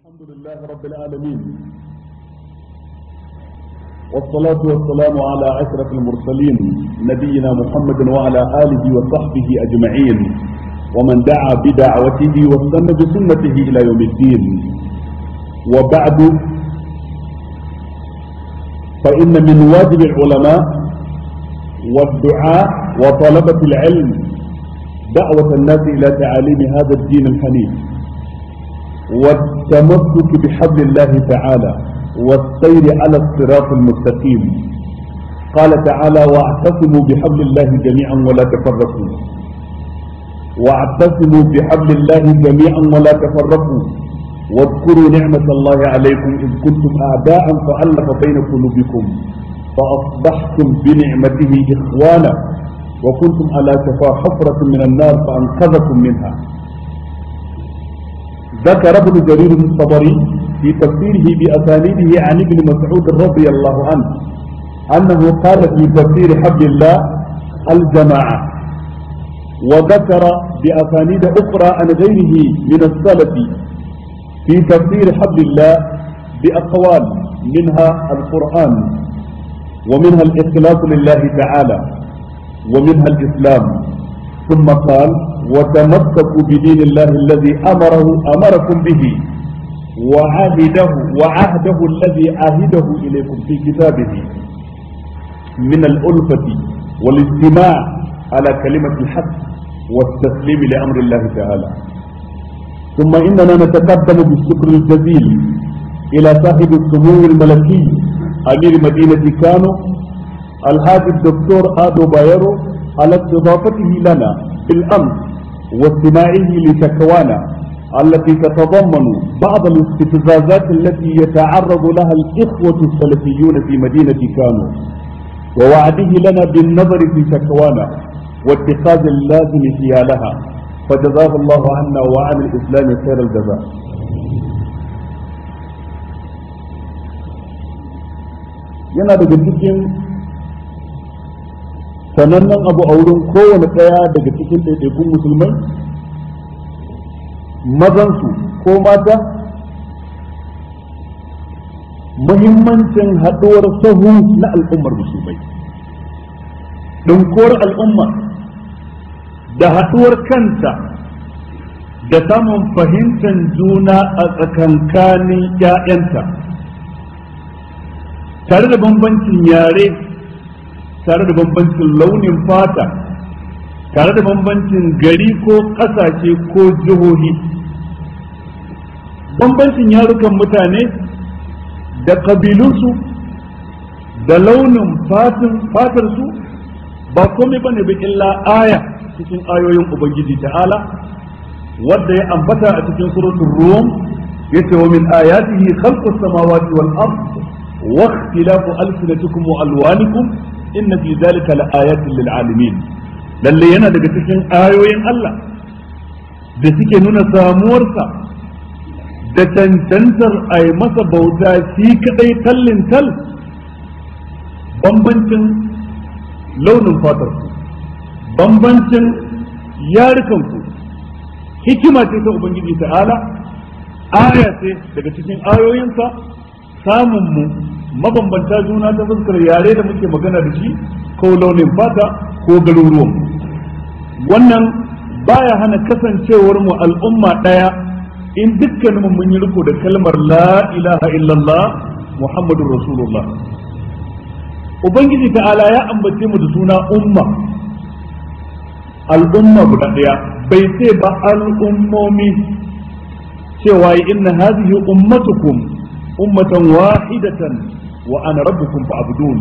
الحمد لله رب العالمين والصلاة والسلام على عشرة المرسلين نبينا محمد وعلى آله وصحبه أجمعين ومن دعا بدعوته واستنى بسنته إلى يوم الدين وبعد فإن من واجب العلماء والدعاء وطلبة العلم دعوة الناس إلى تعاليم هذا الدين الحنيف والتمسك بحبل الله تعالى والسير على الصراط المستقيم قال تعالى واعتصموا بحبل الله جميعا ولا تفرقوا واعتصموا بحبل الله جميعا ولا تفرقوا واذكروا نعمة الله عليكم إذ كنتم أعداء فألف بين قلوبكم فأصبحتم بنعمته إخوانا وكنتم على شفا حفرة من النار فأنقذكم منها ذكر ابن جرير الصبري في تفسيره بأسانيده عن ابن مسعود رضي الله عنه أنه قال في تفسير حبل الله الجماعة وذكر بأسانيد أخرى عن غيره من السلف في تفسير حبل الله بأقوال منها القرآن ومنها الإخلاص لله تعالى ومنها الإسلام ثم قال وتمسكوا بدين الله الذي أمره أمركم به وعهده وعهده الذي عهده إليكم في كتابه من الألفة والاستماع على كلمة الحق والتسليم لأمر الله تعالى ثم إننا نتقدم بالشكر الجزيل إلى صاحب السمو الملكي أمير مدينة كانو الهادي الدكتور آدو بايرو على استضافته لنا بالأمس واستماعه لشكوانا التي تتضمن بعض الاستفزازات التي يتعرض لها الإخوة السلفيون في مدينة كانو ووعده لنا بالنظر في شكوانا واتخاذ اللازم حيالها فجزاه الله عنا وعن الإسلام خير الجزاء yana daga cikin sanannen abu a wurin kowane ɗaya daga cikin ɗaiɗaikun musulmai mazansu ko mata muhimmancin haɗuwar sahu na al'ummar musulmai ɗinkowar al'umma da haɗuwar kanta da samun fahimtar juna a tsakankanin 'ya'yanta tare da bambancin yare tare da bambancin launin fata tare da bambancin gari ko ƙasashe ko jihohi bambancin yarukan mutane da ƙabilunsu da launin fatarsu ba komai ba ne ba illa aya cikin ayoyin ubangiji ta'ala wadda ya ambata a cikin suratul rum yace wa min ayatihi khalqus samawati wal ard wa ikhtilafu alsinatikum wa alwanikum inna fi zalika laayatin lil alamin lalle yana daga cikin ayoyin Allah da suke nuna samuwarsa da tantantar a yi masa bauta shi kadai tallin tal bambancin launin fatar bambancin yarukanku hikima ce ta ubangiji ta'ala aya ce daga cikin ayoyinsa samun mu mabambanta juna ta fuskar yare da muke magana da shi ko launin fata ko garuruwan wannan baya hana kasancewar mu al'umma ɗaya, in mu mun yi riko da kalmar la ilaha illallah muhammadur rasulullah ubangiji ta'ala ya ambace mu da suna umma al'umma guda daya bai ce ba al'ummomi cewa inna hadhihi ummatukum ummatan wahidatan wa ana rabbukum fa'budun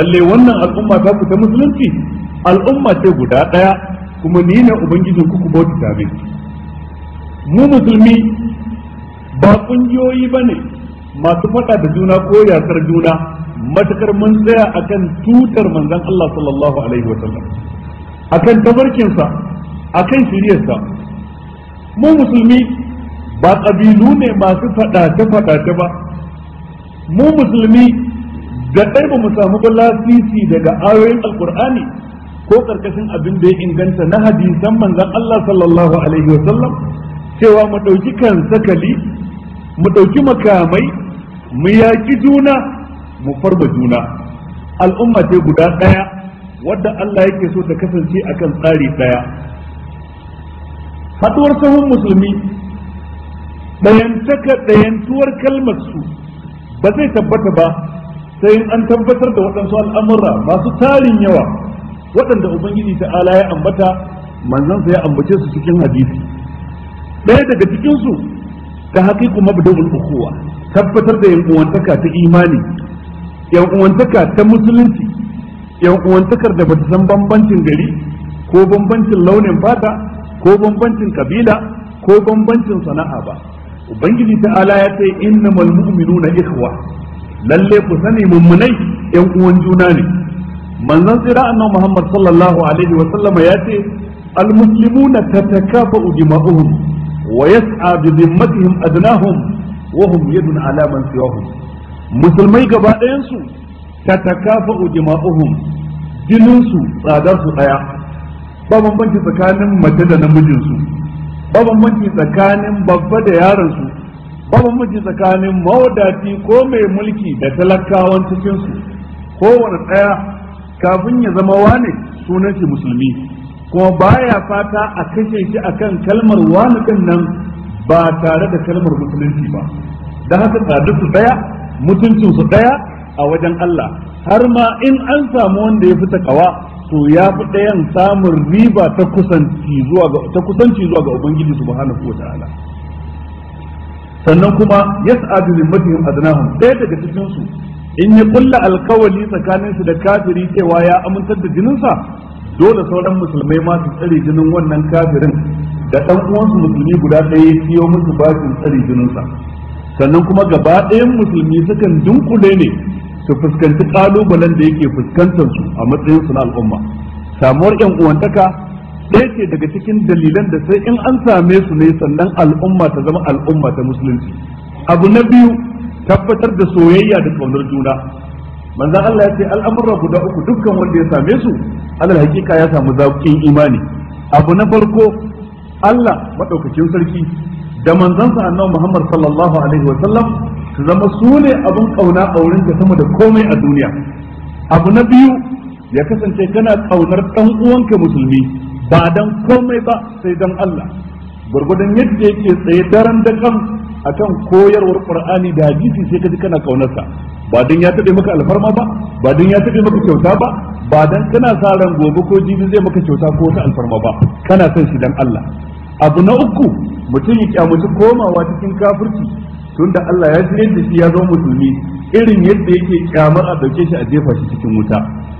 lalle wannan al'umma ta ku ta musulunci al'umma ce guda daya kuma ni ne ubangijin ku ku bauta min mu musulmi ba kungiyoyi bane masu faɗa da juna ko yasar juna matakar mun tsaya akan tutar manzon Allah sallallahu alaihi wa sallam akan tabarkinsa akan shiriyarsa mu musulmi ba ƙabilu ne masu faɗace-faɗace ba mu musulmi da ɗai ba mu samu ba daga ayoyin alkur'ani ko ƙarƙashin abin da ya inganta na hadisan manzan Allah sallallahu alaihi wasallam cewa mu ɗauki kan sakali mu ɗauki makamai mu yaƙi juna mu farba juna al'umma ce guda ɗaya wadda Allah yake so ta kasance akan tsari ɗaya haɗuwar sahun musulmi ɗayantaka ɗayantuwar kalmar su ba zai tabbata ba sai an tabbatar da waɗansu al'amura masu tarin yawa waɗanda ubangiji ta'ala ya ambata manzansa ya ambace su cikin hadisi ɗaya daga cikin su ta haƙiƙu mabda'ul ukhuwa tabbatar da yan uwantaka ta imani yan uwantaka ta musulunci yan uwantakar da bata san bambancin gari ko bambancin launin fata ko bambancin kabila ko bambancin sana'a ba ubangiji ta'ala ya ce innamal mu'minuna ikhwa lalle ku sani mummunai yan uwan juna ne manzon tsira annabi Muhammad sallallahu alaihi wa sallama ya ce al muslimuna tatakafa'u dima'uhum wa yas'a bi dhimmatihim adnahum wa hum yadun ala man siwahum musulmai gaba ɗayan su tatakafa'u dima'uhum jinin su tsadar su daya ba bambanci tsakanin mace da namijin su ba bambanci tsakanin babba da yaron su ba bambanci tsakanin mawadati ko mai mulki da talakawan cikin su kowane ɗaya kafin ya zama wane sunan shi musulmi kuma baya fata a kashe shi akan kalmar wani din nan ba tare da kalmar musulunci ba da haka tsadar su daya mutuncin su daya a wajen Allah har ma in an samu wanda ya fita takawa so ya fi ɗayan samun riba ta kusanci zuwa ga ta kusanci zuwa ga ubangiji subhanahu wataala sannan kuma yas'adu zimmatihim adnahum ɗaya daga cikin su in ya kulla alkawali tsakanin su da kafiri cewa ya amintar da jininsa dole sauran musulmai masu su tsare jinin wannan kafirin da ɗan uwansu musulmi guda ɗaya ya siyo musu bakin tsare jininsa sannan kuma gaba ɗayan musulmi sukan dunkule ne su fuskanci kalubalen da yake fuskantar su a matsayin su na al'umma samuwar yan uwantaka ɗaya ce daga cikin dalilan da sai in an same su ne sannan al'umma ta zama al'umma ta musulunci abu na biyu tabbatar da soyayya da kaunar juna manzan Allah ya ce al'amurra guda uku dukkan wanda ya same su alal hakika ya samu zaƙin imani abu na farko Allah maɗaukacin sarki da manzansa annabi Muhammad sallallahu alaihi wa sallam su zama su ne abin kauna a wurin ka sama da komai a duniya abu na biyu ya kasance kana kaunar dan uwanka musulmi ba dan komai ba sai dan Allah gurgudan yadda yake tsaye daren da kan akan koyarwar qur'ani da hadisi sai ka ji kana kaunarsa ba dan ya tabe maka alfarma ba ba dan ya tabe maka kyauta ba ba dan kana sa ran gobe ko jibi zai maka kyauta ko wata alfarma ba kana son shi dan Allah abu na uku mutum ya kyamuci komawa cikin kafirci tunda Allah ya shirye da shi ya zama musulmi irin yadda yake kyamar a dauke shi a jefa shi cikin wuta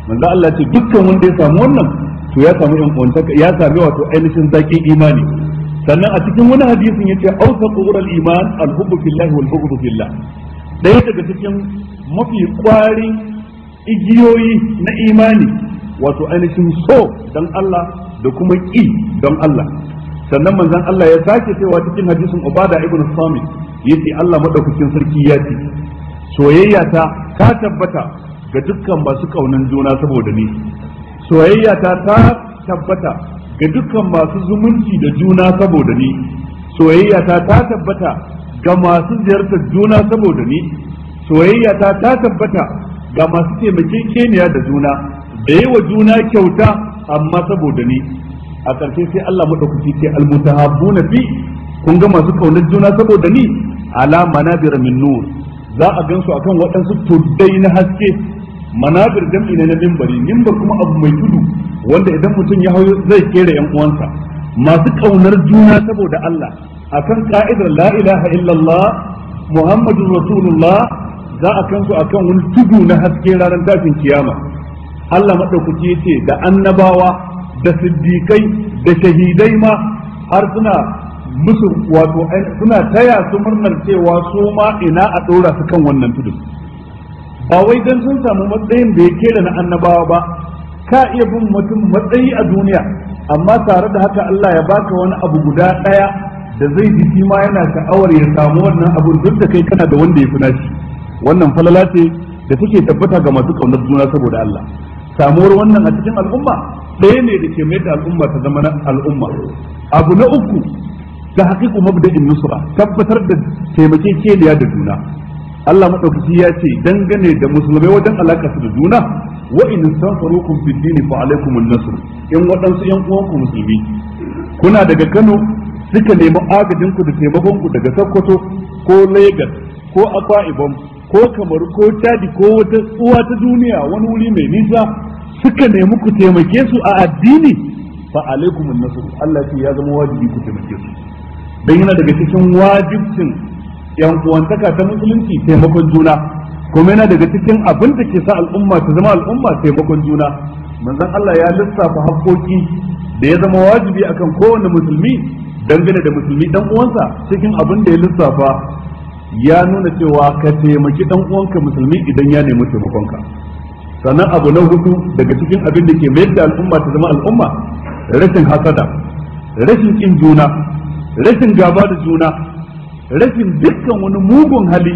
manzo Allah ce dukkan wanda ya samu wannan to ya samu yan uwantaka ya sami wato ainihin zakin imani sannan a cikin wani hadisin yace Auta, ural iman al-hubbu fillahi wal hubbu fillah daya daga cikin mafi ƙwari igiyoyi na imani wato ainihin so dan Allah da kuma ki don Allah sannan manzon Allah ya sake cewa cikin hadisin Ubada ibn Samit yace Allah madaukakin sarki ya ce soyayya ta ka tabbata ga dukkan masu kaunan juna saboda ni soyayya ta ta tabbata ga dukkan masu zumunci da juna saboda ni soyayya ta ta tabbata ga masu ziyartar juna saboda ni soyayya ta ta tabbata ga masu keniya da juna da yi juna kyauta amma saboda ni a ƙarshe sai Allah madaukaki ce almutahabbuna fi kun ga masu kaunar juna saboda ni ala manabir min nur za a gansu akan waɗansu tuddai na haske manabir jam'i ne na mimbari mimbar kuma abu mai tudu wanda idan mutum ya hau zai kera yan uwansa masu kaunar juna saboda Allah akan ka'idar la ilaha illallah muhammadun rasulullah za a kansu akan wani tudu na haske ranar tashin kiyama Allah madaukaki ce da annabawa da siddiƙai da shahidai ma har suna musu wato suna taya su murnar cewa su ma ina a ɗora su kan wannan tudun ba wai don sun samu matsayin da ya kera na annabawa ba ka iya bin mutum matsayi a duniya amma tare da haka Allah ya baka wani abu guda ɗaya da zai ji shi ma yana sha'awar ya samu wannan abu duk da kai kana da wanda ya fi nashi wannan falala ce da take tabbata ga masu ƙaunar juna saboda Allah samuwar wannan a cikin al'umma ɗaya ne da ke mai da al'umma ta zama na al'umma abu na uku ta haƙiƙu mabda'in nusra tabbatar da keliya da juna Allah maɗaukaki ya ce dangane da musulmai wajen alaƙa su da juna wa in kun fid din fa alaikum an-nasr in waɗansu yan uwanku musulmi kuna daga Kano suka nemi agajin ku da taimakon ku daga Sokoto ko Lagos ko Akwa Ibom ko Kamaru ko Tadi ko wata tsuwa ta duniya wani wuri mai nisa suka nemi ku taimake su a addini fa alaikum Allah ya zama wajibi ku taimake su dan yana daga cikin wajibcin yan uwantaka ta musulunci taimakon juna kuma yana daga cikin abin da ke sa al'umma ta zama al'umma taimakon juna manzon Allah ya lissafa haƙoƙi da ya zama wajibi akan kowane musulmi dangane da musulmi dan uwansa cikin abin da ya lissafa ya nuna cewa ka taimaki dan uwanka musulmi idan ya nemi taimakonka sannan abu na hudu daga cikin abin da ke mayar da al'umma ta zama al'umma rashin hasada rashin kin juna rashin gaba da juna rashin dukkan wani mugun hali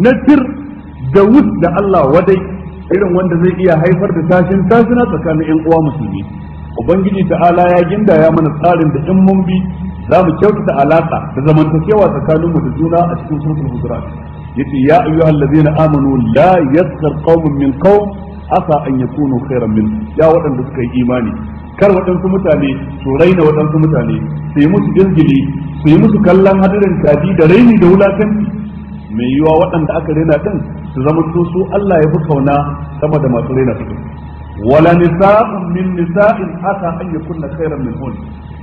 na tir da wus da Allah wadai irin wanda zai iya haifar da tashin tashina tsakanin yan uwa musulmi ubangiji ta'ala ya gindaya mana tsarin da in mun bi za mu kyautata alaka da zamantakewa tsakanin mu da juna a cikin sulhul hujurat yace ya ayyuhallazina amanu la yaskar qaumun min qaum asa an kuno khairan min ya waɗanda suka yi imani kar waɗansu mutane su raina waɗansu mutane su yi musu jirgili su yi musu kallon hadirin kaji da raini da wulakanci mai yiwa waɗanda aka raina din su zama su su Allah ya fi kauna sama da masu raina su wala nisa'un min nisa'in asa an kunna khairan min hun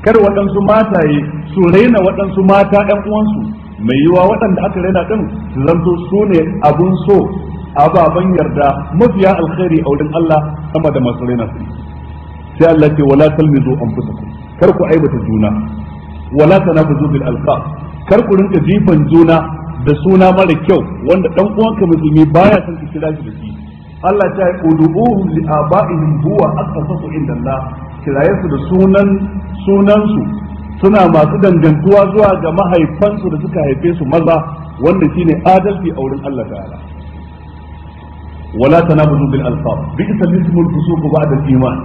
kar waɗansu mataye su raina waɗansu mata ƴan uwansu mai yiwa waɗanda aka raina ɗin su zama su ne abun so ababan yarda mafiya alkhairi a wurin Allah sama da masu raina su sai Allah ce wala talmizu anfusakum kar ku aibata juna wala tanafuzu bil alqab kar ku rinka jifan juna da suna mara kyau wanda dan uwanka musulmi baya son ki kira shi da shi Allah ta yi udu'uhum li aba'ihim huwa aqsatu inda Allah kiraye su da sunan sunansu suna masu dangantuwa zuwa ga mahaifansu da suka haife su maza wanda shine adalci a wurin Allah ta'ala wala tanabuzu bil alfaz bi'sa ismul fusuq ba'da al iman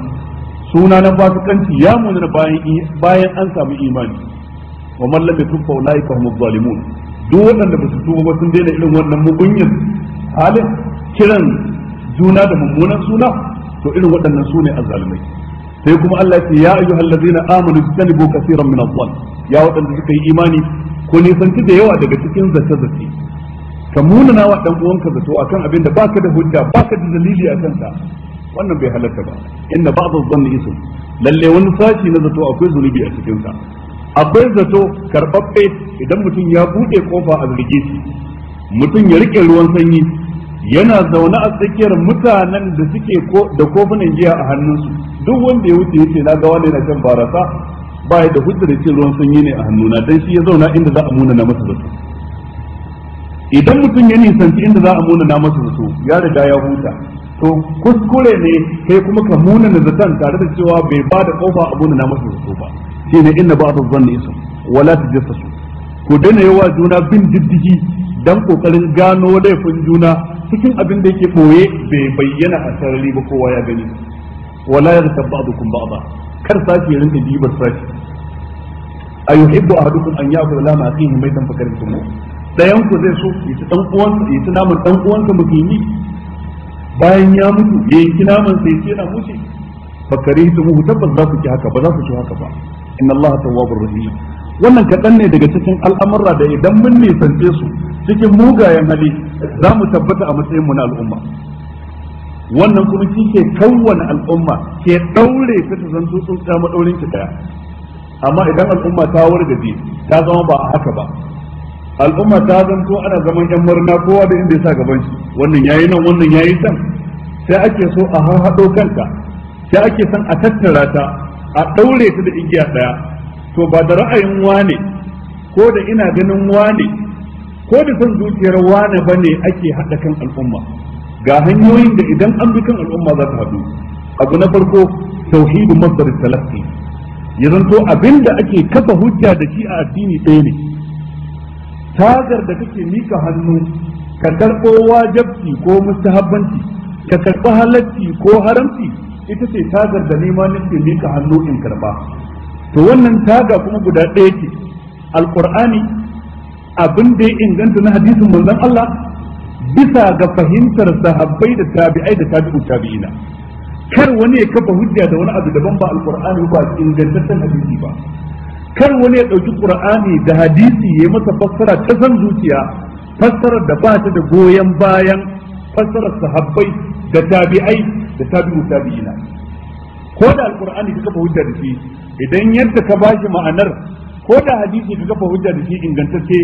suna na fasikanci ya munana bayan bayan an samu imani wa man lam yatub fa ulaika humuz zalimun waɗanda ba su tuba ba sun daina irin wannan mugunyin halin kiran juna da mummunan suna to irin waɗannan su ne azzalumai sai kuma Allah ya ce ya ayyuhal ladzina amanu tanibu kaseeran min adh ya waɗanda suka yi imani ko nisanci da yawa daga cikin zace-zace ka muna na dan uwanka zato akan abin da baka da hujja baka da dalili a sa wannan bai halarta ba inna ba'dhu dhanni ism lalle wani sashi na zato akwai zunubi a cikin sa akwai zato karbabbe idan mutum ya buɗe kofa a zarge mutum ya rike ruwan sanyi yana zaune a tsakiyar mutanen da suke da kofunan giya a hannunsu duk wanda ya wuce yace na ga wani na kan barasa ba da hujjar da ruwan sanyi ne a hannuna dan shi ya zauna inda za a muna na masa zato idan mutum ya nisanci inda za a munana masa zato ya riga ya huta to kuskure ne kai kuma ka munana zaton tare da cewa bai ba da kofa a munana masa zato ba inda ba a az da isa, wala su ku daina yawa juna bin diddigi dan kokarin gano laifin juna cikin abin da yake boye bai bayyana a sarari ba kowa ya gani wala ya yaghtab ba'dukum ba. kar sashi ya rinka jibar sashi ayuhibbu ahadukum an ya'kula lama akhihi maitan fakartum ɗayan ku zai so ya ci dan uwan ya ci naman dan ka musulmi bayan ya mutu ya yanki naman sai ya na mushi bakari su muhu tabbas za ku ci haka ba za ku ci haka ba inna Allah tawwabur rahim wannan kaɗan ne daga cikin al'amurra da idan mun nisance su cikin mugayen hali za mu tabbata a matsayin mu na al'umma wannan kuma shi ke kawwana al'umma ke ɗaure ta ta zanto tsuntsa madaurin ki daya amma idan al'umma ta wargaje ta zama ba a haka ba al'umma ta zanto ana zaman yan murna kowa da inda ya sa gaban shi wannan yayi nan wannan yayi can sai ake so a haɗo kanta sai ake son a tattara ta a ɗaure ta da igiya ɗaya to ba da ra'ayin wane ko da ina ganin wane ko da son zuciyar wane bane ake haɗa kan al'umma ga hanyoyin da idan an bi kan al'umma za ta haɗu abu na farko tauhidu masdar salafi ya zanto abinda ake kafa hujja da shi a addini ɗaya ne tagar da kake mika hannu ka karɓo wajabci ko mustahabbanci ka karɓi halacci ko haramci ita ce tagar da nema nake mika hannu in karɓa to wannan taga kuma guda ɗaya ce alƙur'ani abin da ya inganta na hadisin manzon Allah bisa ga fahimtar sahabbai da tabi'ai da tabi'u tabi'ina kar wani ya kafa hujja da wani abu daban ba alƙur'ani ba ingantaccen hadisi ba kar wani ya ɗauki ƙur'ani da hadisi ya masa fassara ta san zuciya fassarar da ba ta da goyon bayan fassarar sahabbai da tabi'ai da tabi'u tabi'ina ko da alƙur'ani ka kafa hujja da shi idan yadda ka ba shi ma'anar ko da hadisi ka kafa hujja da shi ingantacce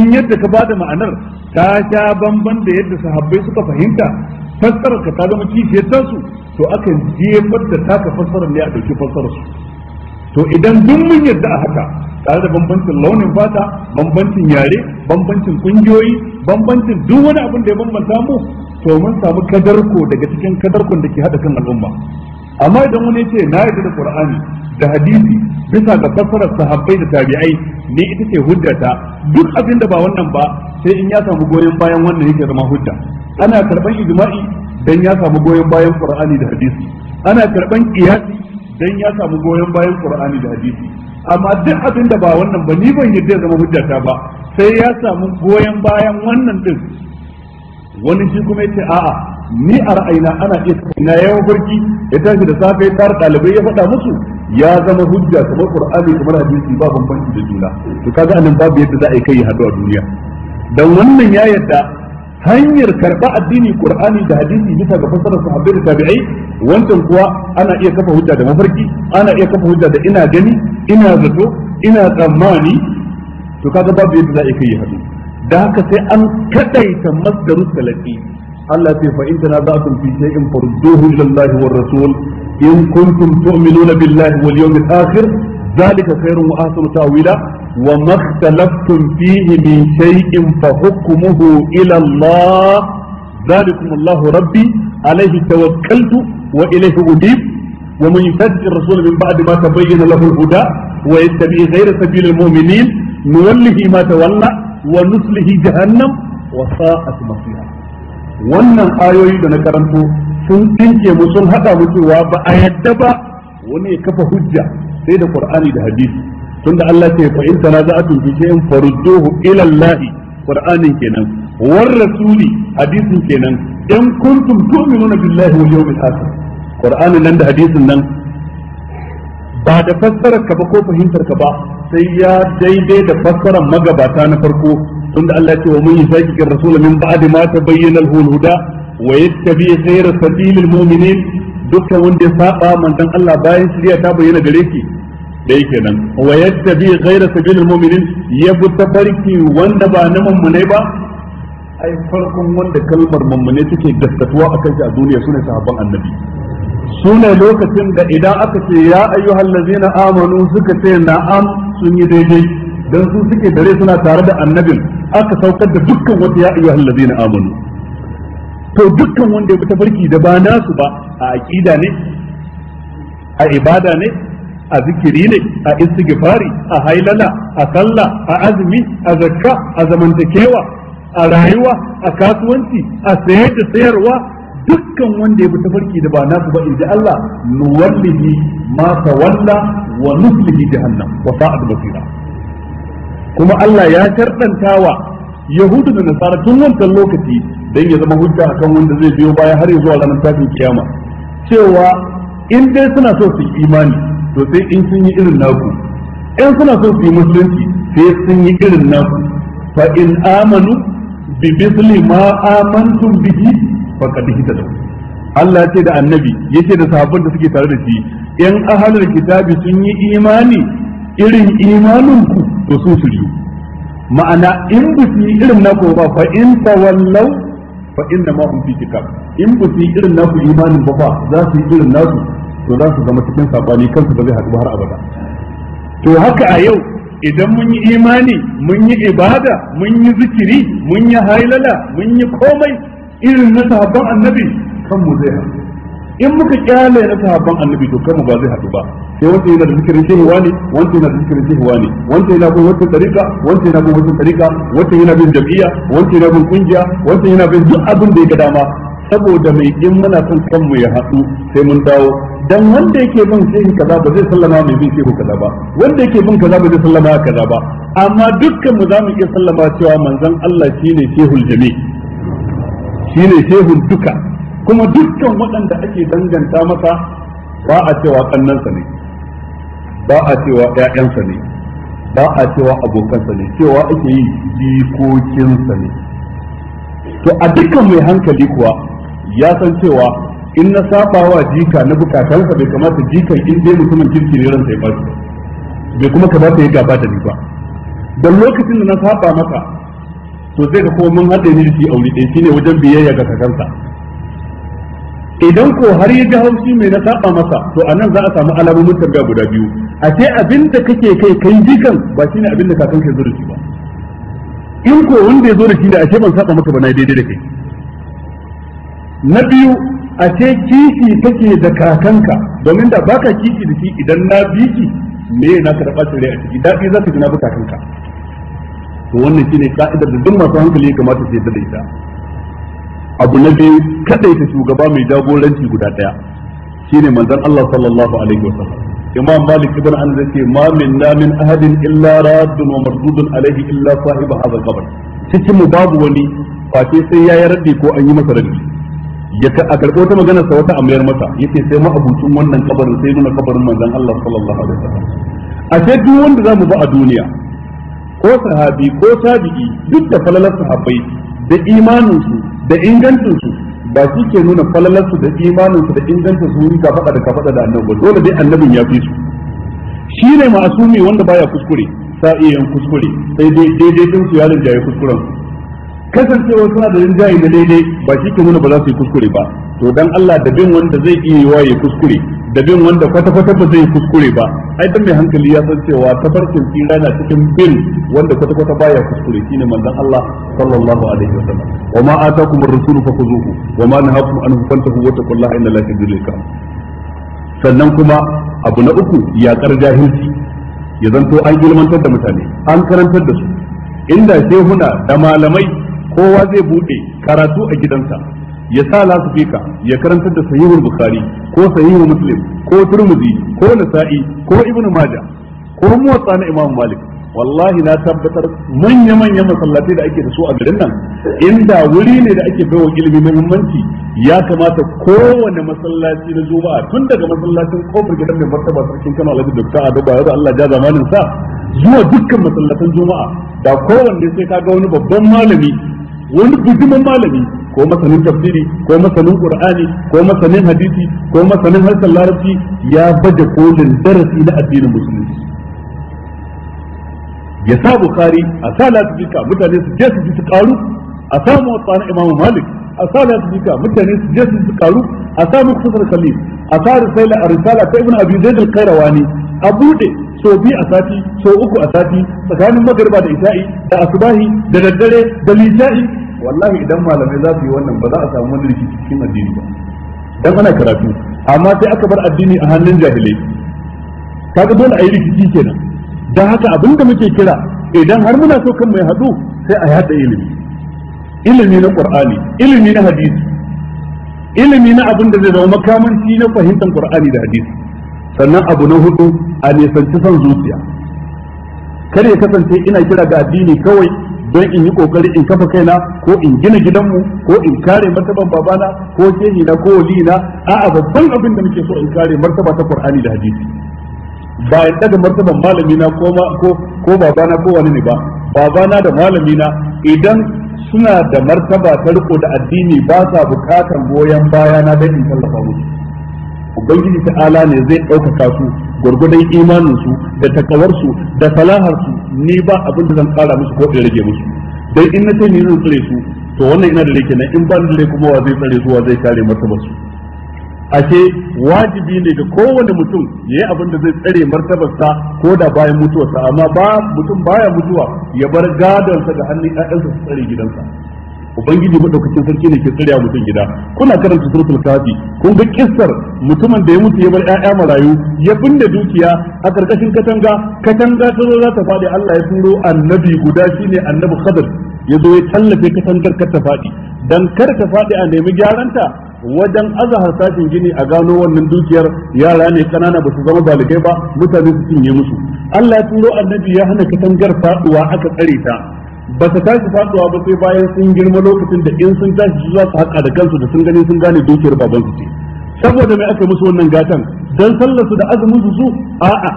in yadda ka ba da ma'anar ta sha bamban da yadda sahabbai suka fahimta fassarar ka ta zama kishiyar su to akan jefar da taka fassarar ne a ɗauki fassarar to idan duk mun yarda a haka tare da bambancin launin fata bambancin yare bambancin kungiyoyi bambancin duk wani abin da ya bambanta mu to mun samu kadarko daga cikin kadarkon da ke hada kan al'umma amma idan wani ce na yarda da qur'ani da hadisi bisa ga fassarar sahabbai da tabi'ai ne ita ce hujjata duk abin da ba wannan ba sai in ya samu goyon bayan wannan yake zama hujja ana karban ijma'i dan ya samu goyon bayan qur'ani da hadisi ana karban qiyasi dan ya samu goyon bayan qur'ani da hadisi amma duk abin da ba wannan ba ni ban yadda zama hujjata ba sai ya samu goyon bayan wannan din wani shi kuma yace a'a ni a ra'ayina ana iya na yawan barki ya tashi da safe ya tsara ɗalibai ya faɗa musu ya zama hujja kamar qur'ani kamar hadisi ba bambanci da juna to kaga anan babu yadda za a kai hadu a duniya dan wannan ya yadda hanyar karɓa addini qur'ani da hadisi bisa ga fasarar sahabbai da tabi'ai wancan kuwa ana iya kafa hujja da mafarki ana iya kafa hujja da ina gani ina zato ina tsammani to kaga babu yadda za a kai hadu da haka sai an kadaita masdaru salati Allah ce fa in tanaza'tum fi shay'in farduhu ila Allah war rasul in kuntum tu'minuna billahi wal yawmil akhir ذلك خير وأحسن تأويلا وما اختلفتم فيه من شيء فحكمه إلى الله ذلكم الله ربي alaihi ta wa ilaihi udib wa man yusaddiq ar-rasul min ba'di ma tabayyana lahu al-huda wa yattabi ghayra sabil al-mu'minin nuwallihi ma tawalla wa nuslihi jahannam wa sa'at masira wannan ayoyi da na karanto sun tinke mu sun hada mu cewa ba a yadda ba wani ya kafa hujja sai da ƙur'ani da hadisi tunda Allah ya ce na in tanaza'tum fi shay'in farudduhu ila Allah qur'anin kenan war rasuli hadisin kenan dan kuntum tu'minuna billahi wal yawmil akhir qur'anin nan da hadisin nan ba da fassarar ka ba ko fahimtar ka ba sai ya daidai da fassarar magabata na farko tunda Allah ya ce wa mun yusaki rasul min ba'di ma tabayyana al-huda wa yattabi ghayra sabilil mu'minin dukkan wanda ya saba manzon Allah bayan shirya ta bayyana gare shi dai kenan wa yattabi ghayra sabilil mu'minin ya bi tafarki wanda ba na mummunai ba ai farkon wanda kalmar mummune take gaskatuwa akan shi a duniya sune sahabban annabi sune lokacin da idan aka ce ya ayyuhal ladzina amanu suka ce na'am sun yi daidai dan su suke dare suna tare da annabin aka saukar da dukkan wata ya ayyuhal ladzina amanu to dukkan wanda ya tafarki da ba nasu ba a aqida ne a ibada ne a zikiri ne a istighfari a hailala a sallah a azumi a zakka a zamantakewa a rayuwa a kasuwanci a sayar da sayarwa dukkan wanda ya bi tafarki da ba nasu ba inji Allah nuwallihi ma tawalla wa nuflihi jahannam wa sa'ad basira kuma Allah ya tardantawa yahudu da nasara tun wancan lokaci dan ya zama hujja akan wanda zai biyo baya har zuwa ranar tashin kiyama cewa in dai suna so su imani to sai in sun yi irin naku in suna so su yi musulunci sai sun yi irin naku fa in amanu bi ma amantum bihi faqad hitadu Allah ya ce da annabi yace da sahabban da suke tare da shi in ahalul kitabi sun yi imani irin imanin ku to su su ma'ana in bu su yi irin naku ba fa in tawallau fa inna ma hum fi kitab in bu su yi irin naku imanin ba ba za su yi irin naku to za su zama cikin sabani kansu ba zai haɗu har abada to haka a yau idan mun yi imani mun yi ibada mun yi zikiri mun yi hailala mun yi komai irin na sahabban annabi kan mu zai haɗu in muka kyale na sahabban annabi to kanmu ba zai haɗu ba sai wanda yana da zikirin shehuwa ne wanda yana da zikirin shehuwa ne wanda yana bin wata tsarika wanda yana bin wata tsarika wanda yana bin jam'iyya wanda yana bin kungiya wanda yana bin duk abin da ya ga dama saboda mai in muna son kanmu ya haɗu sai mun dawo dan wanda yake bin shehi kaza ba zai sallama mai bin shehu kaza ba wanda yake bin kaza ba zai sallama kaza ba amma dukkan mu zamu iya sallama cewa manzon Allah shine shehul jami shine shehul duka kuma dukkan waɗanda ake danganta masa ba a cewa kannansa ne ba a cewa ƴaƴansa ne ba a cewa abokansa ne cewa ake yi jikokinsa ne to a dukkan mai hankali kuwa ya san cewa in na wa jika na bukatansa bai kamata jikan in dai mutumin kirki ne ransa ya bashi bai kuma ka ya gaba da ni ba don lokacin da na saba maka to zai ga kuma mun haɗe ni da shi aure ɗaya shine wajen biyayya ga kakansa idan ko har ya ji haushi mai na saba masa to a nan za a samu alamomin tambaya guda biyu a ce abin da kake kai kai jikan ba shine abin da kakanka ya zo da shi ba in ko wanda ya zo da shi da ashe ban saba maka ba na daidai da kai na biyu a ce kishi take da kakanka domin da baka kifi da shi idan na biki me na ka da a ciki daɗi za ka ji na to wannan shine ka'idar da duk masu hankali ya kamata su yi da ita abu na biyu kadai ta shugaba mai jagoranci guda daya shine manzon Allah sallallahu alaihi wasallam imam malik ibn anas yace ma minna min ahadin illa raddun wa mardudun alaihi illa sahib hadha al-qabr cikin mu babu wani face sai ya yayi raddi ko an yi masa raddi ya a karɓo ta magana sa wata amyar masa yace sai mu abucin wannan kabarin sai nuna kabarin manzon Allah sallallahu alaihi wasallam a ce duk wanda zamu ba a duniya ko sahabi ko tabi'i duk da falalar sahabbai da imanin su da ingancin su ba shi ke nuna falalar su da imanin su da ingancin su ka faɗa da ka faɗa da annabi dole dai annabin ya fi su shi ne ma'asumi wanda baya kuskure sa iya kuskure sai dai daidai din su ya rinjaye kuskuren su kasancewa suna da rinjaye da daidai ba shi ke nuna ba za su yi kuskure ba to dan Allah da bin wanda zai iya yiwa ya kuskure da bin wanda kwata kwata ba zai kuskure ba ai dan mai hankali ya san cewa tafarkin tsira na cikin bin wanda kwata kwata baya kuskure shine manzon Allah sallallahu alaihi wa sallam wa ma atakum ar-rasulu fakhuzuhu wa ma nahakum an fantahu wa taqullaha inna la tadillu sannan kuma abu na uku kar jahilci ya zanto an ilmantar da mutane an karantar da su inda huna da malamai kowa zai buɗe karatu a gidansa ya sa lasifika ya karantar da sahihul bukhari ko sahihul muslim ko turmuzi ko nasa'i ko Ibn Maja ko muwatta na imam malik wallahi na tabbatar manya manyan masallatai da ake da su a garin nan inda wuri ne da ake baiwa ilimi muhimmanci ya kamata kowane masallaci na juma'a tun daga masallacin kofar gidan mai martaba sarkin Kano Alhaji Dr. a Bayero da Allah ja zamanin sa zuwa dukkan masallatan juma'a da kowanne sai ka ga wani babban malami wani bijimin malami ko masanin tafsiri ko masanin qur'ani ko masanin hadisi ko masanin harshen larabci ya baje kolin darasi na addinin musulunci ya sa bukari a sa Latifika mutane su je su ji su karu a sa mawatsa na imamu malik a sa Latifika mutane su je su ji su karu a sa muktasar kalli a sa risala a risala ta ibn abi zaid al-qayrawani a bude so biyu a sati so uku a sati tsakanin magariba da isa'i da asubahi da daddare da lisa'i. wallahi idan malamai za su yi wannan ba za a samu wani rikici cikin addini ba dan ana karatu amma sai aka bar addini a hannun jahilai kaga dole a yi rikici kenan dan haka abin da muke kira idan har muna so kan mai haɗu sai a yada ilimi ilimi na qur'ani ilimi na hadisi ilimi na abin da zai zama makamanci na fahimtar qur'ani da hadisi sannan abu na hudu a nisanci son zuciya kar ya kasance ina kira ga addini kawai don in yi kokari in kafa kaina ko in gina gidanmu ko in kare martaban babana ko shehi na ko wali na a'a babban abin da muke so in kare martaba ta Qur'ani da hadisi ba in daga martaban malami na ko ko ko babana ko wani ne ba babana da malami na idan suna da martaba ta riko da addini ba sa bukatan goyon baya na don in tallafa musu ubangiji ala ne zai ɗaukaka su gwargwadon imaninsu da takawarsu da salaharsu ni ba abin da zan kara musu ko in rage musu dan in na ce ni zan tsare su to wannan ina da rike na in ba da kuma wa zai tsare su wa zai kare martabar su ashe wajibi ne ga kowane mutum yayi abin da zai tsare martabar sa ko da bayan mutuwarsa amma ba mutum baya mutuwa ya bar gadon sa ga hannun ƴaƴansa su tsare gidansa ubangiji madaukakin sarki ne ke tsirya mutum gida kuna karanta suratul kafi kun ga kissar mutumin da ya mutu ya bar ƴaƴa marayu ya binne dukiya a karkashin katanga katanga ta zo za ta faɗi Allah ya turo annabi guda shine annabi Khadir ya zo ya tallafe katangar kar ta faɗi dan kar ta faɗi a nemi gyaranta wajen azahar sashin gini a gano wannan dukiyar yara ne kanana ba su zama balikai ba mutane su cinye musu Allah ya turo annabi ya hana katangar faduwa aka tsare ta ba su tashi faduwa ba sai bayan sun girma lokacin da in sun tashi su za su haƙa da kansu da sun gani sun gane dukiyar su ce saboda mai aka musu wannan gatan dan sallarsu da azumin su a'a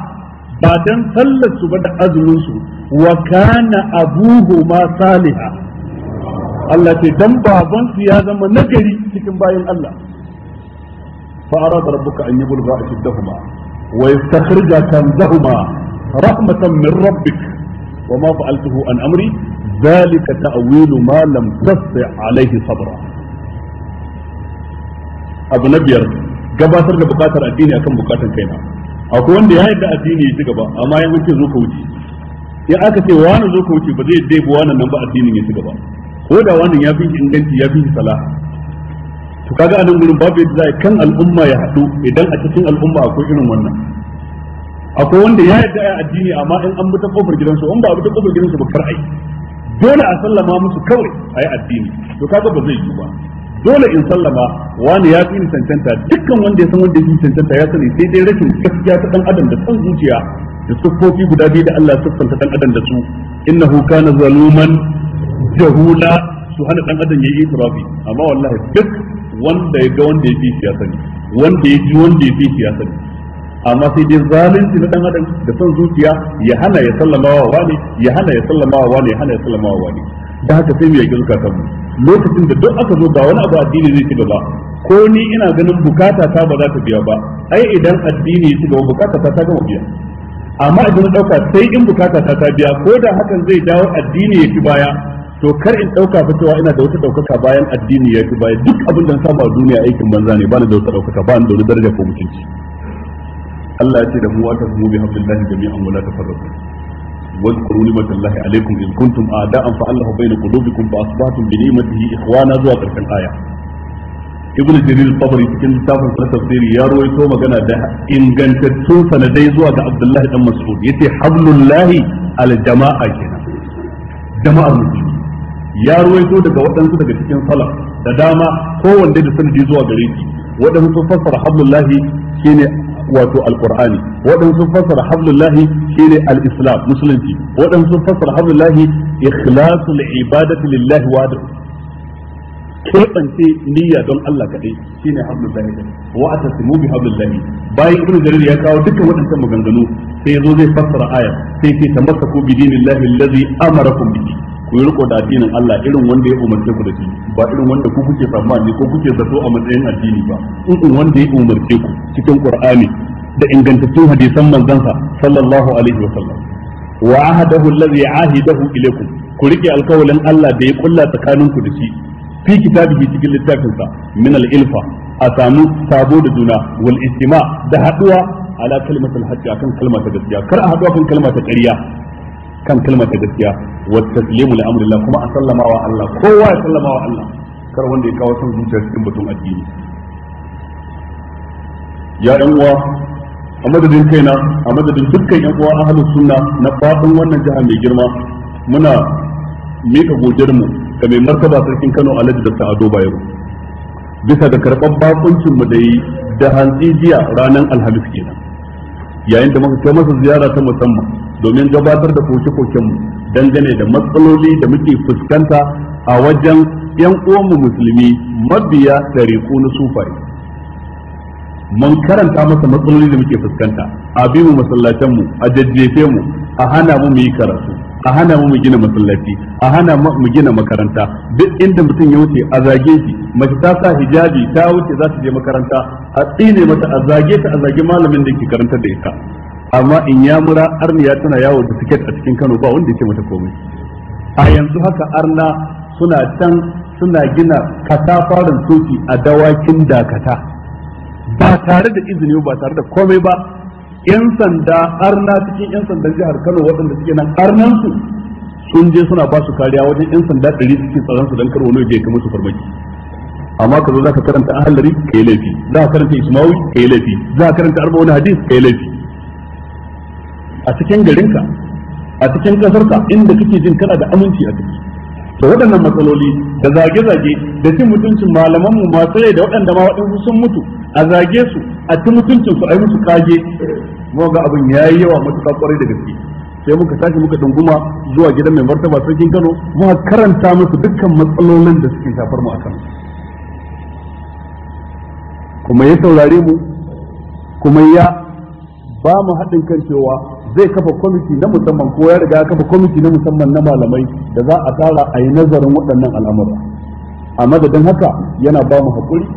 ba dan sallarsu ba da azumin su wa kana abuhu ma saliha Allah ce dan babansu ya zama nagari cikin bayan Allah fa arada rabbuka an yubluga ashiddahuma wa yastakhrija kanzahuma rahmatan min rabbika وما فعلته عن امري zalika ta'wilu ma lam tasti alaihi sabra abu na biyar gabatar da bukatar addini akan bukatar kaina akwai wanda ya yadda addini ya ci gaba amma ya wuce zo ka wuce in aka ce wani zo ka wuce ba zai dai ba wannan nan ba addinin ya ci gaba ko da wannan ya fi inganci ya fi salaha to kaga a nan gurin babu yadda za kan al'umma ya haɗu idan a cikin al'umma akwai irin wannan akwai wanda ya yarda ya addini amma in an bi ta kofar gidansu in ba a bi ta kofar gidansu ba kar ai dole a sallama musu kawai a yi addini to kaga ba zai yi ba dole in sallama wani ya fi cancanta dukkan wanda ya san wanda ya fi cancanta ya sani sai dai rashin gaskiya ta dan adam da san zuciya da siffofi guda biyu da Allah siffanta dan adam da su innahu kana zaluman jahula su hana dan adam yayi itirafi amma wallahi duk wanda ya ga wanda ya fi siyasa wanda ya ji wanda ya fi siyasa amma sai dai zalunci na dan adam da son zuciya ya hana ya sallama wa wani ya hana ya sallama wa wani ya hana ya sallama wa wani da haka sai mu yaki zukatan mu lokacin da duk aka zo ba wani abu addini zai ci gaba ko ni ina ganin bukata ta ba za ta biya ba ai idan addini ya ci gaba bukata ta ta gama biya amma idan dauka sai in bukata ta ta biya ko da hakan zai dawo addini ya ci baya to kar in dauka fa cewa ina da wata daukaka bayan addini ya ci baya duk abin da na samu a duniya aikin banza ne ba ni da wata daukaka ba ni da wani daraja ko mutunci Allah ya ce da mu wa tasbu bi hablillahi jami'an واذكروا نعمة الله عليكم إذ كنتم أعداء فألف بين قلوبكم فأصبحتم بنعمته إخوانا zuwa ƙarshen aya. ibn jarir tabari cikin littafin sa tafsiri ya rawaito magana da ingantattun sanadai zuwa ga abdullahi dan mas'ud yace hablullahi al jama'a kenan jama'ar musulmi ya rawaito daga waɗansu daga cikin salaf da dama kowanne da sanadi zuwa gare shi waɗansu sun fassara hablullahi shine wato alqur'ani wadan sun fassara hablullahi shine al-islam musulunci wadan sun fassara hablullahi ikhlasul ibadati lillahi wahdahu keɓance niyya don Allah kaɗai shine hablullahi wa atasimu bi hablullahi bayan ibnu jarir ya kawo dukkan waɗannan maganganu sai yazo zai fassara aya sai ce tamassaku bi dinillahi allazi amarakum bihi ku yi riko da addinin Allah irin wanda ya umarce ku da shi ba irin wanda ku kuke tsammani ko kuke zato a matsayin addini ba in wanda ya umarce ku cikin Qur'ani da ingantattun hadisan manzansa sallallahu alaihi wa sallam wa ahadahu allazi ahidahu ilaykum ku rike alkawalin Allah da ya kulla tsakaninku da shi fi kitabihi cikin littafinsa min al-ilfa a samu sabo da juna wal istima da haduwa ala kalimatul hajji akan kalma ta gaskiya kar a haduwa kan kalmata ta ƙarya kan kalmar ta gaskiya wa taslimu li amrillah kuma a sallama wa Allah kowa ya sallama wa Allah kar wanda ya kawo son zuciya cikin batun addini ya ɗan uwa a madadin kaina a madadin dukkan yan uwa ahlus sunna na fadin wannan jiha mai girma muna mika godiyar mu ga mai martaba sarkin Kano Alhaji Dr. Ado Bayero bisa ga karɓar bakuncin mu da yi da hantsi jiya ranar Alhamis kenan yayin da muka kai masa ziyara ta musamman domin gabatar da koke-koken mu dangane da matsaloli da muke fuskanta a wajen yan uwanmu musulmi mabiya ɗariƙu na sufari, mun karanta masa matsaloli da muke fuskanta a bi mu a jajjefe mu a hana mu mu yi karatu a hana mu gina masallaci a hana mu gina makaranta duk inda mutum ya wuce a zage shi mace ta sa hijabi ta wuce za ta je makaranta a tsine mata a zage ta a zage malamin da ke karanta da ita amma in ya mura arniya tana yawo da tiket a cikin Kano ba wanda yake mata komai a yanzu haka arna suna can suna gina katafarin soki a dawakin dakata ba tare da izini ba tare da komai ba yan sanda arna cikin yan sandan jihar Kano waɗanda suke nan arnan su sun je suna ba su kariya wajen yan sanda ɗari suke tsaron su dan kar wani ya kai musu farmaki amma ka zo za ka karanta ahalari ka yi laifi za ka karanta ismawi ka yi laifi za ka karanta arba wani hadis ka yi laifi a cikin garinka a cikin kasarka inda kake jin kana da aminci a ciki to waɗannan matsaloli da zage-zage da cin mutuncin malaman mu masu rai da waɗanda ma waɗansu sun mutu a zage su a ci mutuncin su a yi musu kage mu ga abin ya yi yawa matuƙa kwarai da gaske sai muka tashi muka dunguma zuwa gidan mai martaba sarkin Kano muka karanta musu dukkan matsalolin da suke shafar mu a kan kuma ya saurare mu kuma ya ba mu haɗin kan cewa zai kafa kwamiti na musamman ko ya riga ya kafa kwamiti na musamman na malamai da za a tara a yi nazarin waɗannan al'amura a madadin haka yana ba mu haƙuri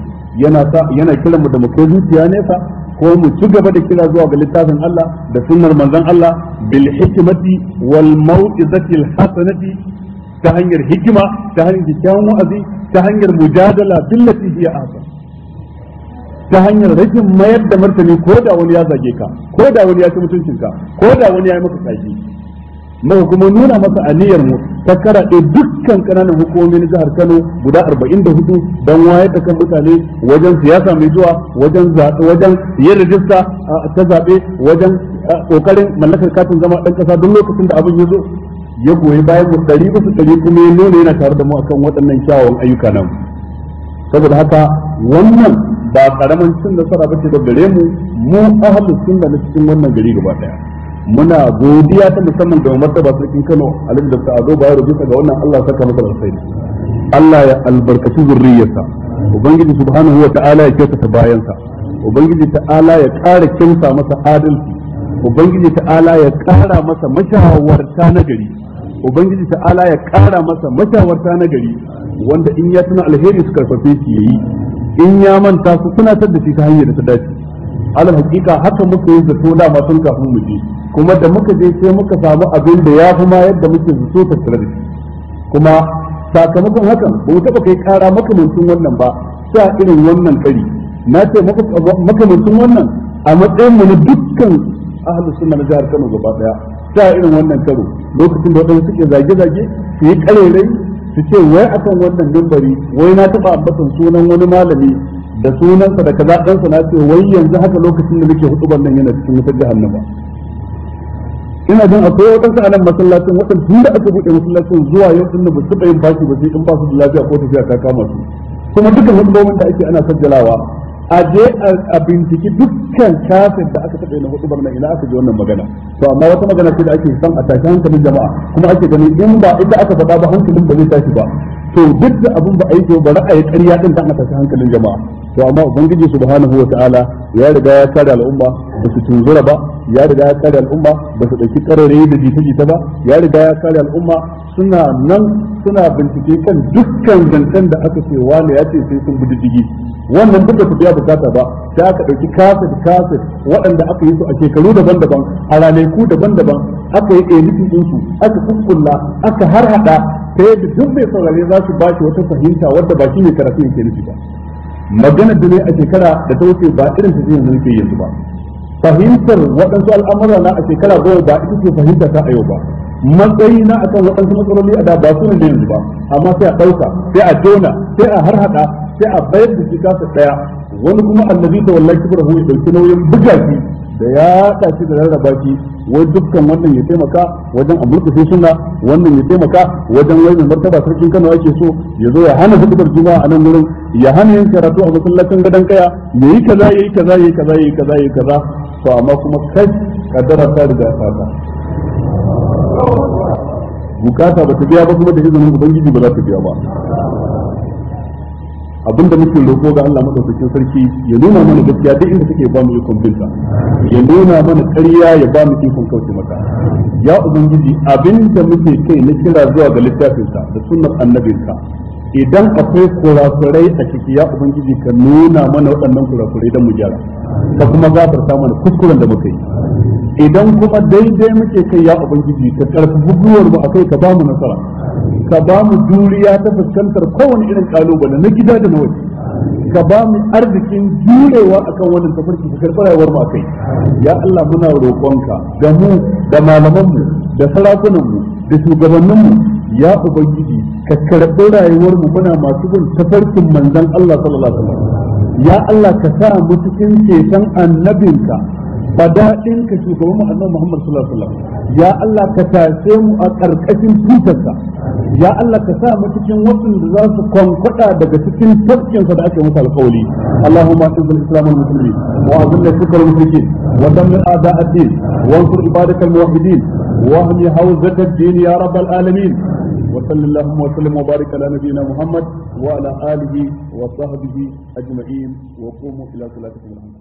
yana sa yana kiran mu da mu kai zuciya nesa ko mu ci gaba da kira zuwa ga littafin Allah da sunnar manzon Allah bil hikmati wal mau'izati al hasanati ta hanyar hikima ta hanyar kyakkyawan wa'azi ta hanyar mujadala billati hiya ahsan ta hanyar rashin mayar da martani ko da wani ya zage ka ko da wani ya ci mutuncinka ko da wani ya yi maka saki muka kuma nuna masa aniyar mu ta karaɗe dukkan ƙananan hukumomi na jihar Kano guda 44 don wayar da kan mutane wajen siyasa mai zuwa wajen wajen yin rajista ta zaɓe wajen ƙoƙarin mallakar katin zama ɗan ƙasa don lokacin da abin ya zo ya goyi bayan mu ɗari bisa ɗari kuma ya nuna yana tare da mu akan waɗannan kyawawan ayyuka nan saboda haka wannan ba karamin cin nasara bace da gare mu mu ahlus sunna na cikin wannan gari gaba daya muna godiya ta musamman ga ba sarkin Kano da sa'ado Ado ya bisa ga wannan Allah saka masa alkhairi Allah ya albarkaci zurriyarsa ubangiji subhanahu wa ta'ala ya kyautata bayansa ubangiji ta'ala ya ƙara kinsa masa adalci ubangiji ta'ala ya ƙara masa mashawarta na gari ubangiji ta'ala ya ƙara masa mashawarta na gari wanda in ya tuna alheri su karfafe shi yayi in ya manta su tar da shi ta hanyar da ta dace alal hakika haka muka yi zato da ma sun kafin mu je kuma da muka je sai muka samu abin da ya fi ma yadda muke zato tattare da shi kuma sakamakon hakan ba mu taɓa kai ƙara makamancin wannan ba sai a irin wannan kari na ce makamancin wannan a matsayin mu na dukkan ahlus sunna na jihar Kano gaba daya sai a irin wannan karo lokacin da wadansu suke zage-zage su yi ƙarerai su ce wai akan wannan mimbari wai na taba ambatan sunan wani malami da sunansa da kaza ɗansa na ce wai yanzu haka lokacin da nake hutuban nan yana cikin wutar jahannama ina jin akwai waɗansu a masallacin waɗanda tun da aka buɗe masallacin zuwa yau ɗin ba su yin fashi ba sai in ba su da lafiya ko tafiya ta kama su kuma dukkan hudubomin da ake ana sajjalawa a je a binciki dukkan kafin da aka taɓa na hudu na ina aka ji wannan magana to amma wata magana ce da ake san a tashi hankalin jama'a kuma ake ganin in ba ita aka faɗa ba hankalin ba zai tashi ba to duk da abin ba a ba ra'ayi ƙarya din ta a tashi hankalin jama'a to amma ubangiji subhanahu wa ta'ala ya riga ya kare al'umma ba su tunzura ba ya riga ya kare al'umma ba su ɗauki karare da jita-jita ba ya riga ya kare al'umma suna nan suna bincike kan dukkan zancen da aka ce wani ya ce sai sun bi digi wannan duk da su biya bukata ba sai aka ɗauki kaset kaset waɗanda aka yi su a shekaru daban-daban a ranaku daban-daban aka yi editing ɗinsu aka kukkulla aka har haɗa ta yadda duk mai saurare za su ba shi wata fahimta wadda ba shi ne karatu yake nufi ba maganar da ne a shekara da ta wuce ba irin ta yanzu nake yanzu ba fahimtar waɗansu al'amura na a shekara goma ba ita ce fahimta ta a yau ba matsayi na akan waɗansu matsaloli a da ba su ne yanzu ba amma sai a ɗauka sai a tona sai a harhaɗa sai a bayar da shi kasa ɗaya wani kuma annabi da wallahi kibra hu ya ɗauki nauyin buga shi da ya tashi da rarraba shi wai dukkan wannan ya taimaka wajen a murkushe suna wannan ya taimaka wajen wai martaba sarkin Kano ake so ya zo ya hana hudubar juma'a a nan wurin ya hana yin karatu a masallacin gadon kaya yayi kaza yi kaza yayi kaza kaza kaza to amma kuma kai kaddara ta riga ta ka bukata ba ta biya ba kuma da izinin ubangiji ba za ta biya ba abinda muke roƙo ga Allah madaukakin sarki ya nuna mana gaskiya duk inda take ba mu yi binta ya nuna mana ƙarya ya ba mu ikon kauce maka ya ubangiji abinda muke kai na kira zuwa ga littafinsa da sunnar annabinka idan akwai kurakurai a ciki ya ubangiji ka nuna mana waɗannan kurakurai don mu gyara ka kuma gafarta mana kuskuren da muka yi idan kuma daidai muke kai ya ubangiji ka karfi buguwar mu akai ka bamu nasara ka bamu juriya ta fuskantar kowane irin kalubale na gida da na waje ka ba mu arzikin jurewa akan wannan tafarki ka karɓi rayuwar mu akai ya Allah muna roƙonka da mu da malamanmu da sarakunanmu da shugabanninmu ya ubangiji ka karɓi rayuwar mu muna masu bin tafarkin manzon Allah sallallahu alaihi wasallam ya Allah ka sa mu cikin ceton annabinka fadadin ka shugaban mu annabi Muhammad sallallahu alaihi wasallam ya Allah ka tashe mu a ƙarƙashin tutarka ya Allah ka sa mu cikin waɗanda za su kwankwada daga cikin tafkinsa da ake musu alƙawari Allahumma a'izz al-islam al-muslimin wa azil shukr al-mushrikin wa dammir a'da' ad-din wa ansur ibadak al-muwahhidin wa ahmi hawzat ad-din ya rabb al-alamin وصلى اللهم وسلم وبارك على نبينا محمد وعلى اله وصحبه اجمعين وقوموا الى صلاتكم الحمد